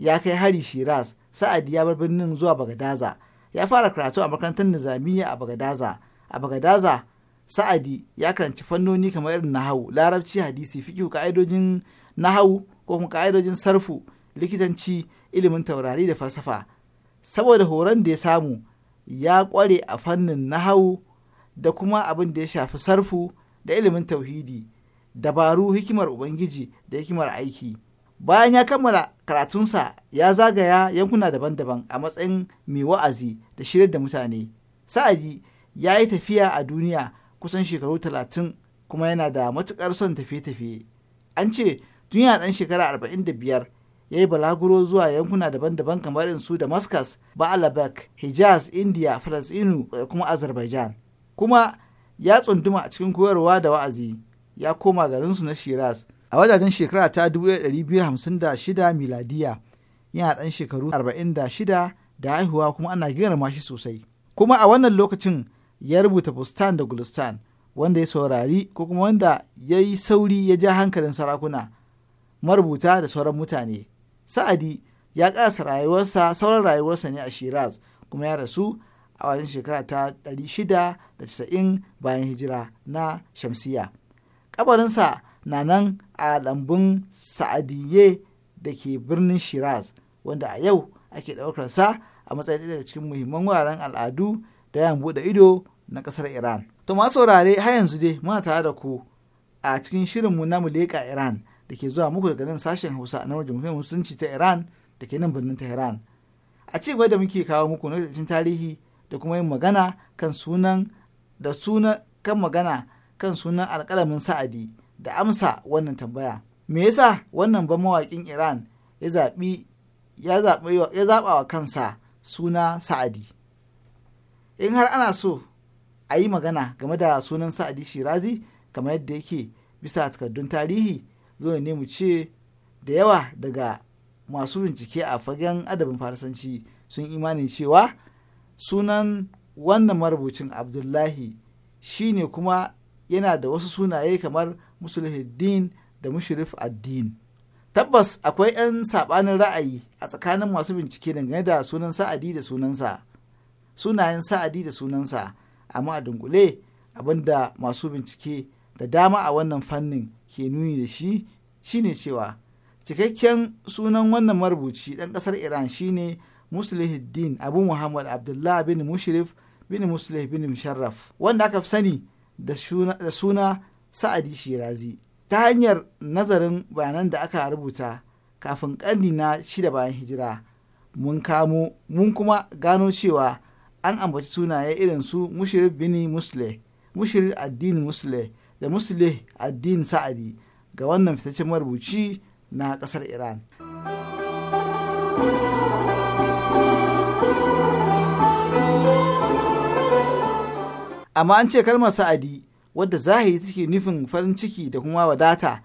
ya kai hari shiraz sa'ad ya bar birnin zuwa bagadaza ya fara karatu a makarantar nizamiya a bagadaza a bagadaza sa'adi ya karanci fannoni kamar irin nahawu larabci hadisi fiqh ka'idojin nahawu ko kuma ka'idojin sarfu likitanci ilimin taurari da falsafa saboda horon da ya samu ya kware a fannin nahawu da kuma abin da ya shafi sarfu da ilimin tauhidi dabaru hikimar ubangiji da hikimar aiki bayan ya kammala karatunsa ya zagaya yankuna daban-daban a matsayin mai wa'azi da shirin da mutane sa'adi ya yi tafiya a duniya kusan shekaru talatin kuma yana da matuƙar son tafiye-tafiye an ce duniya ɗan shekara arba'in da biyar ya yi balaguro zuwa yankuna daban-daban kamar in su damascus ba'alabak hijaz india falasinu kuma azerbaijan kuma ya tsunduma a cikin koyarwa da wa'azi ya koma garinsu na shiraz a wajajen shekara ta 1256 miladiya yana ɗan shekaru 46 da haihuwa kuma ana girma shi sosai kuma a wannan lokacin ya rubuta bustan da gulistan wanda ya saurari ko kuma wanda ya yi sauri ya ja hankalin sarakuna marubuta da sauran mutane sa'adi ya ƙasa rayuwarsa sauran rayuwarsa ne a shiraz kuma ya rasu a wajen shekara ta 690 bayan hijira na shamsiya kabarinsa na nan a lambun sa'adiyye da ke birnin shiraz wanda a yau ake sa a matsayin daga cikin muhimman wuraren al'adu da yan buɗe ido na ƙasar iran to masu saurare har yanzu dai muna tare da ku a cikin shirinmu na muleka iran da ke zuwa muku daga nan sashen hausa na jamhuriyar musulunci ta iran da ke nan birnin tehran a ci gaba da muke kawo muku na tarihi da kuma yin magana kan sunan da sunan kan magana kan sunan alƙalamin sa'adi da amsa wannan tambaya me yasa wannan ban mawaƙin iran ya zaɓi ya zaɓa wa kansa suna sa'adi in har ana so a yi magana game da sunan sa'adi shirazi kamar yadda yake bisa takardun tarihi zo ne mu ce da yawa daga masu bincike a fagen adabin farsanci sun imanin cewa sunan wannan marubucin abdullahi shine kuma yana da wasu sunaye kamar musuluddin da mushrif addin tabbas akwai 'yan saɓanin ra'ayi a tsakanin masu bincike dangane da sunan sa'adi da sunansa sunayen sa'adi da sunansa amma a dunkule abinda masu bincike da dama a wannan fannin ke nuni da shi shine cewa cikakken sunan wannan marubuci ɗan ƙasar iran shine muslihuddin abu muhammad abdullah bin mushrif bin muslih bin musharraf wanda aka fi sani da suna sa'adi shirazi ta hanyar nazarin bayanan da aka rubuta kafin ƙarni na shida bayan hijira mun kamo mun kuma gano cewa an ambaci sunaye irin su mushir bini musle mushir addin musle da musle addin sa'adi ga wannan fitaccen marubuci na ƙasar iran amma an ce kalmar sa'adi wadda zahiri take nufin farin ciki da kuma wadata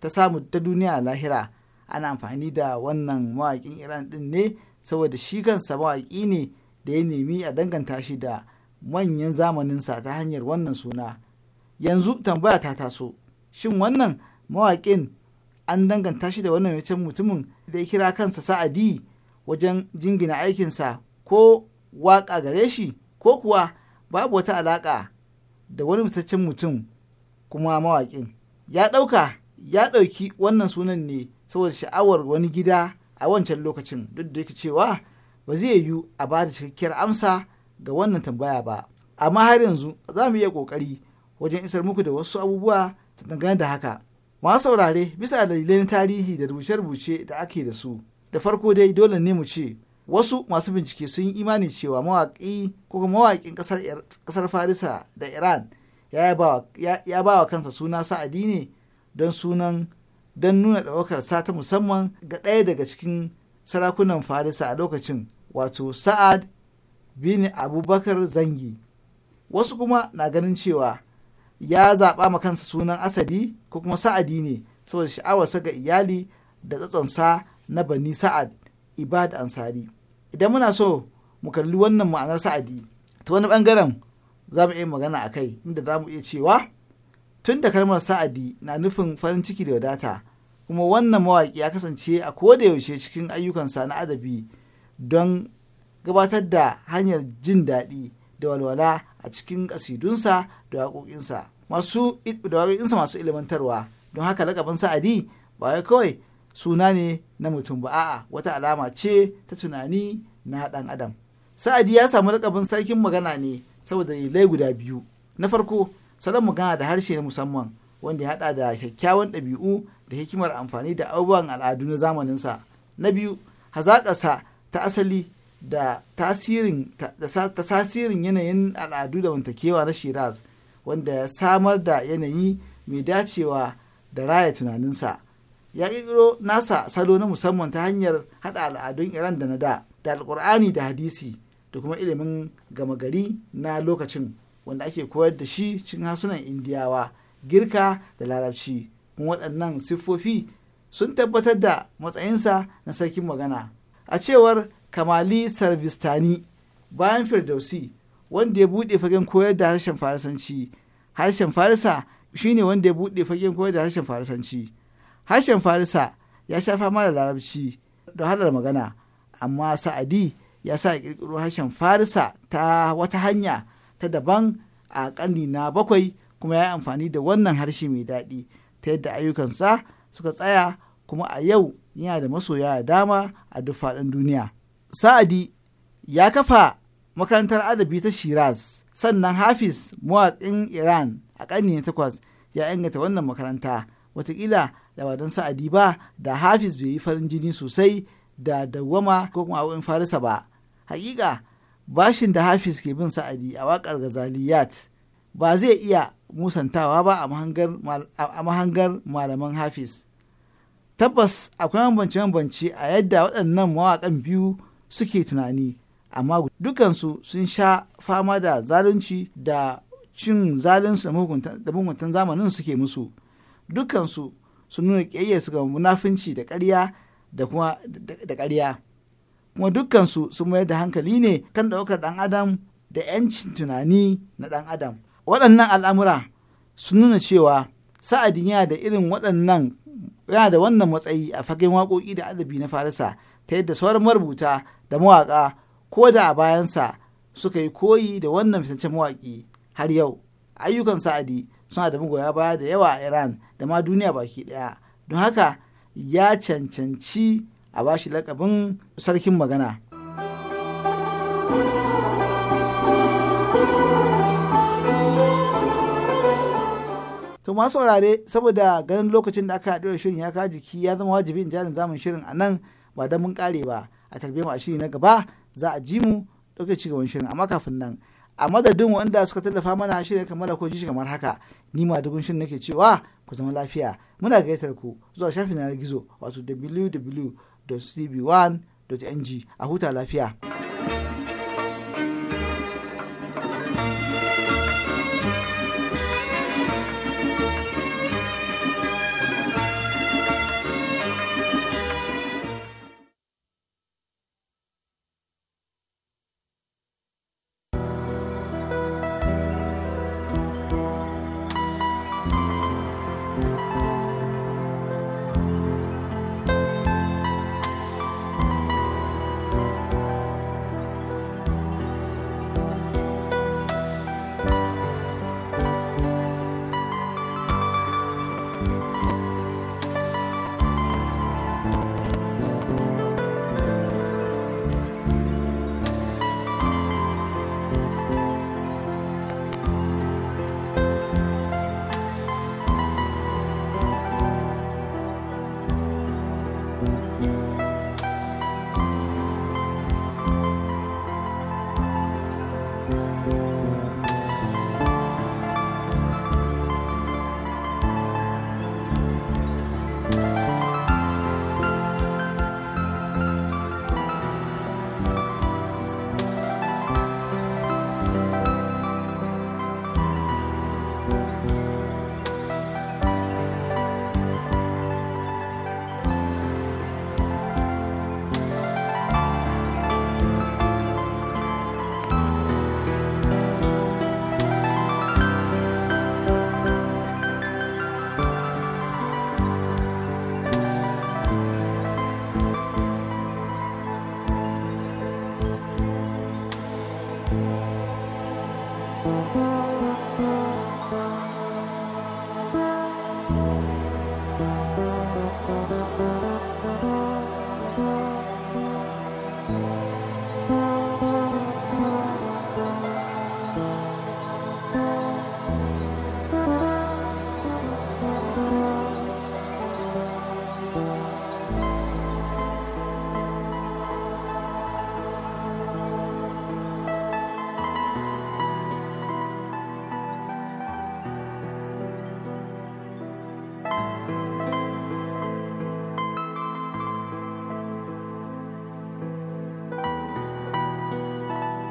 ta samu ta duniya lahira ana amfani da wannan mawaƙin iran din ne saboda shi kansa mawaƙi ne da ya nemi a danganta shi da manyan zamaninsa ta hanyar wannan suna yanzu tambaya ta taso shin wannan mawaƙin an danganta shi da wannan wancan mutumin da ya kira kansa sa'adi wajen jingina aikinsa ko waƙa gare shi ko kuwa babu wata alaƙa da wani mitaccen mutum kuma mawaƙin ya ɗauka ya ɗauki wannan sunan ne saboda sha'awar wani gida a wancan lokacin duk da yake cewa ba zai yiwu a ba da cikakkiyar amsa ga wannan tambaya ba amma har yanzu za mu iya ƙoƙari wajen isar muku da wasu abubuwa ta dangane da haka masu saurare bisa dalilai na tarihi da rubuce-rubuce da ake da su da farko dai dole ne mu ce wasu masu bincike sun yi imani cewa mawaƙi ko kuma mawaƙin ƙasar farisa da iran ya ba wa kansa suna sa'adi ne don sunan don nuna ɗaukar sa ta musamman ga ɗaya daga cikin sarakunan farisa a lokacin wato sa'ad bin abubakar zangi wasu kuma na ganin cewa ya zaɓa ma kansa sunan asadi ko kuma sa'adi ne saboda sha'awarsa ga iyali da tsatsonsa na bani sa'ad ibad ansari idan muna so mu kalli wannan ma'anar sa'adi ta wani bangaren za mu iya magana a kai inda za mu iya cewa tun da kalmar sa'adi na nufin farin ciki da wadata kuma wannan mawaƙi ya kasance a kodayaushe cikin ayyukansa na adabi don gabatar da hanyar jin daɗi da walwala a cikin ƙasidunsa da waƙoƙinsa masu masu ilimantarwa don haka lakabin sa'adi ba wai kawai suna ne na mutum ba a'a wata alama ce ta tunani na ɗan adam sa'adi ya samu lakabin sarkin magana ne saboda dalilai guda biyu na farko salon magana da harshe na musamman wanda ya haɗa da kyakkyawan ɗabi'u da hikimar amfani da abubuwan al'adu na zamaninsa na biyu hazaƙarsa ta asali da tasirin tasirin yanayin al'adu da wantakewa na shiraz wanda ya samar da yanayi mai dacewa da raya tunaninsa ya ƙirƙiro nasa salo na musamman ta hanyar haɗa al'adun iran da na da da alkur'ani da hadisi da kuma ilimin gama gari na lokacin wanda ake koyar da shi cikin harsunan indiyawa girka da larabci kuma waɗannan siffofi sun tabbatar da matsayinsa na sarkin magana a cewar kamali sarvistani bayan firdausi wanda ya buɗe fagen koyar da harshen farisanci harshen farisa shine wanda ya buɗe fagen koyar da harshen farisanci harshen farisa ya sha fama da larabci da halar magana amma sa'adi ya sa ƙirƙiro harshen farisa ta wata hanya ta daban a ƙarni na bakwai kuma ya yi amfani da wannan harshe mai daɗi ta yadda ayyukansa suka tsaya kuma a yau yana da masoya da dama a duk faɗin duniya sa'adi ya kafa makarantar adabi ta shiraz sannan hafiz mawaƙin iran a ƙarni na takwas ya inganta wannan makaranta watakila da ba sa'adi ba da hafiz bai yi farin jini sosai da dawwama ko kuma farisa ba hakika bashin da hafiz ke bin sa'adi a wakar gazaliyat ba zai iya musantawa ba a mahangar malaman hafiz tabbas akwai bambance-bambance a yadda waɗannan mawaƙan biyu suke tunani amma dukansu sun sha fama da zalunci da cin zalunsu da mugunta zamanin suke musu dukansu sun nuna ƙiyayyarsu ga munafinci da ƙarya da kuma da ƙarya kuma dukkansu sun mayar da hankali ne kan ɗaukar ɗan adam da 'yancin tunani na ɗan adam waɗannan al'amura sun nuna cewa sa'adin yana da irin waɗannan yana da wannan matsayi a fagen waƙoƙi da adabi na farisa ta yadda sauran marubuta da mawaƙa ko da a bayansa suka yi koyi da wannan fitaccen mawaƙi har yau ayyukan sa'adi suna da magoya baya da yawa a iran da ma duniya baki daya don haka ya cancanci a bashi lakabin sarkin magana to masu saurare saboda ganin lokacin da aka haɗu shirin ya kawo jiki ya zama wajibi in jarin zamun shirin a nan ba don mun kare ba a tarbiyyar a shiri na gaba za a ji mu ɗauke cigaban shirin amma kafin nan a madadin wanda suka tallafa mana shirin kamar ko ji kamar haka ni ma dugun shin nake cewa ku zama lafiya muna gayyatar ku zuwa shafin yanar gizo wato www.cb1.ng a huta lafiya.